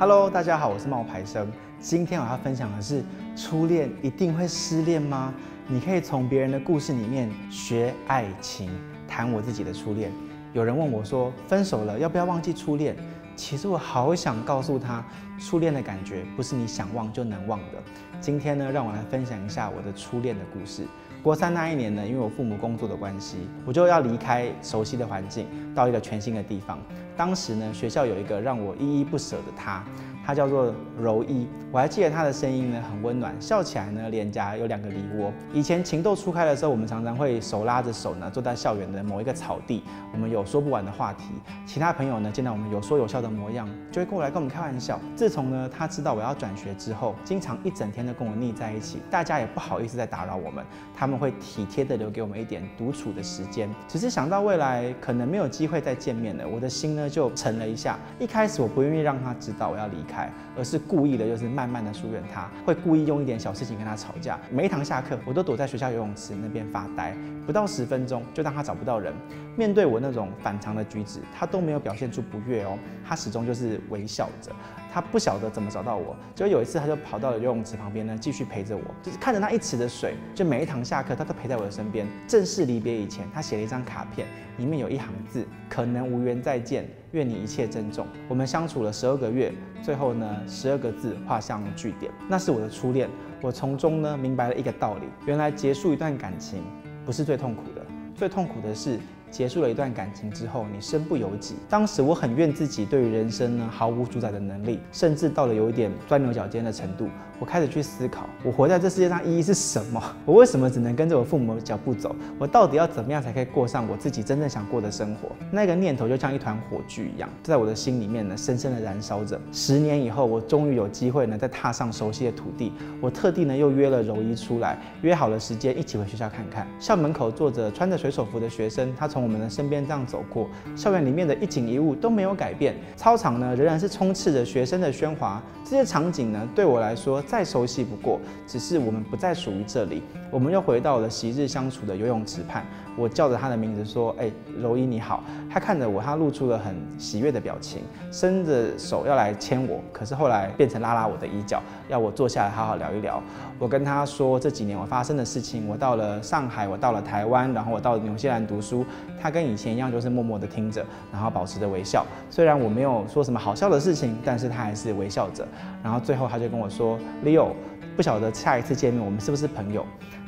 Hello，大家好，我是冒牌生。今天我要分享的是，初戀一定會失戀嗎？你可以從別人的故事裡面學愛情。談我自己的初戀，有人問我說，分手了要不要忘記初戀？其實我好想告訴他，初戀的感覺不是你想忘就能忘的。今天呢，讓我來分享一下我的初戀的故事。國三那一年呢，因為我父母工作的關係，我就要離開熟悉的環境，到一個全新的地方。當時呢，學校有一個讓我依依不捨的她。他叫做柔伊，我還記得他的聲音呢，很溫暖，笑起來呢臉頰有兩個梨窩。以前情竇初開的時候，我們常常會手拉着手呢坐在校園的某一個草地，我們有說不完的話題。其他朋友呢見到我們有說有笑的模樣，就會過來跟我們開玩笑。自從呢他知道我要轉學之後，經常一整天都跟我膩在一起，大家也不好意思再打擾我們，他們會體貼的留給我們一點獨處的時間。只是想到未來可能沒有機會再見面了，我的心呢就沉了一下。一開始我不願意讓他知道我要離開。而是故意的，就是慢慢的疏遠他，會故意用一點小事情跟他吵架。每一堂下課，我都躲在學校游泳池那邊發呆，不到十分鐘就當他找不到人。面對我那種反常的舉止，他都沒有表現出不悅哦，他始終就是微笑着。他不曉得怎麼找到我，就有一次他就跑到了游泳池旁邊呢，繼續陪着我，就是看着那一池的水。就每一堂下課，他都陪在我的身邊。正式離別以前，他寫了一張卡片，裡面有一行字：可能無緣再見，願你一切珍重。我們相處了十二個月，最後呢，十二個字畫上句點。那是我的初戀，我從中呢明白了一個道理：原來結束一段感情不是最痛苦的，最痛苦的是。結束了一段感情之後，你身不由己。當時我很怨自己，對於人生呢，毫無主宰的能力，甚至到了有一點鑽牛角尖的程度。我開始去思考，我活在這世界上意義是什麼？我為什麼只能跟着我父母的腳步走？我到底要怎麼樣才可以過上我自己真正想過的生活？那個念頭就像一團火炬一樣，在我的心裡面呢，深深的燃燒着。十年以後，我終於有機會呢，再踏上熟悉的土地。我特地呢，又約了柔伊出來，約好了時間，一起回學校看看。校門口坐着穿着水手服的學生，他從我們的身邊這樣走過。校園裡面的一景一物都沒有改變，操場呢，仍然是充斥着學生的喧嘩。這些場景呢，對我來說，再熟悉不過，只是我們不再屬於這裡。我們又回到了昔日相處的游泳池畔，我叫着他的名字說：“哎、欸，柔伊你好。”他看着我，他露出了很喜悅的表情，伸着手要來牽我，可是後來變成拉拉我的衣角，要我坐下來好好聊一聊。我跟他說這幾年我發生的事情，我到了上海，我到了台灣，然後我到了紐西蘭讀書。他跟以前一樣，就是默默地聽着，然後保持着微笑。雖然我沒有說什麼好笑的事情，但是他還是微笑着。然後最後他就跟我說：“Leo，不曉得下一次見面我們是不是朋友？”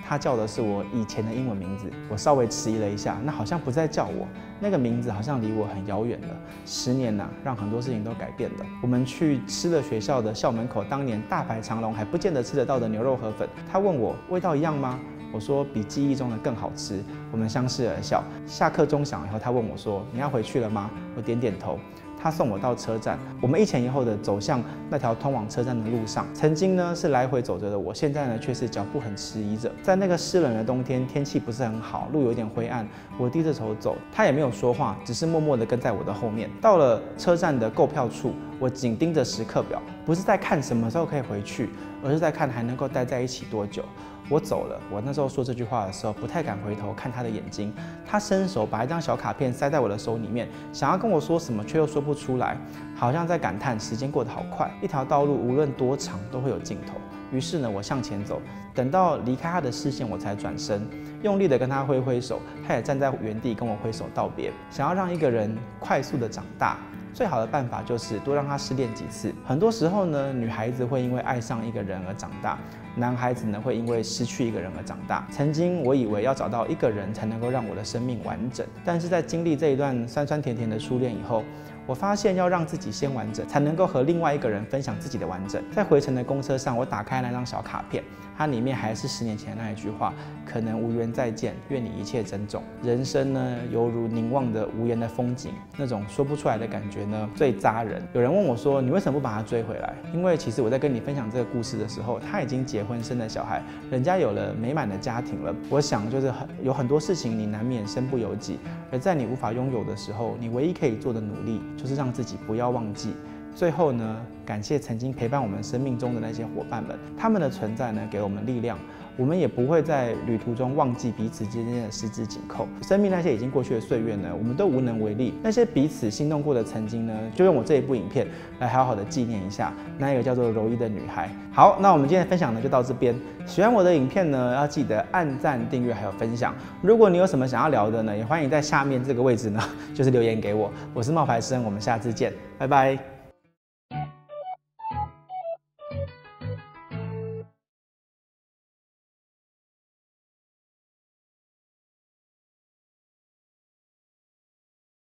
他叫的是我以前的英文名字，我稍微遲疑了一下，那好像不再叫我，那個名字好像離我很遙遠了。十年吶，讓很多事情都改變了。我們去吃了學校的校門口當年大排長龍還不見得吃得到的牛肉河粉，他問我味道一樣嗎？我說比記憶中的更好吃，我們相視而笑。下課鐘響以後，他問我說：“你要回去了嗎？”我點點頭。他送我到車站，我們一前一後的走向那條通往車站的路上。曾經呢是來回走着的我，我現在呢卻是腳步很遲疑着。在那個濕冷的冬天，天氣不是很好，路有點灰暗。我低着頭走，他也沒有說話，只是默默地跟在我的後面。到了車站的購票處，我緊盯着時刻表，不是在看什麼時候可以回去，而是在看還能夠待在一起多久。我走了，我那時候說這句話的時候，不太敢回頭看他的眼睛。他伸手把一張小卡片塞在我的手裡面，想要跟我說什麼，卻又說不。說出來，好像在感嘆時間過得好快。一條道路無論多長，都會有盡頭。於是呢，我向前走，等到離開他的視線，我才轉身，用力的跟他揮揮手。他也站在原地跟我揮手道別。想要讓一個人快速的長大，最好的辦法就是多讓他失戀幾次。很多時候呢，女孩子會因為愛上一個人而長大，男孩子呢會因為失去一個人而長大。曾經我以為要找到一個人才能夠讓我的生命完整，但是在經歷這一段酸酸甜甜的初戀以後，我發現要讓自己先完整，才能夠和另外一個人分享自己的完整。在回程的公車上，我打開那張小卡片，它裡面還是十年前那一句話：可能無緣再見，願你一切珍重。人生呢，猶如凝望的無言的風景，那種說不出來的感覺呢，最紮人。有人問我說，你為什麼不把他追回來？因為其實我在跟你分享這個故事的時候，他已經結婚生了小孩，人家有了美滿的家庭了。我想，就是很有很多事情你難免身不由己，而在你無法擁有的時候，你唯一可以做的努力。就是讓自己不要忘記。最後呢，感謝曾經陪伴我們生命中的那些伙伴們，他們的存在呢，給我們力量，我們也不會在旅途中忘記彼此之間的十指緊扣。生命那些已經過去的歲月呢，我們都無能為力。那些彼此心動過的曾經呢，就用我這一部影片來好好的紀念一下那一個叫做柔伊的女孩。好，那我們今天的分享呢就到這邊。喜歡我的影片呢，要記得按讚、訂閱還有分享。如果你有什麼想要聊的呢，也歡迎在下面這個位置呢，就是留言給我。我是冒牌生，我們下次見，拜拜。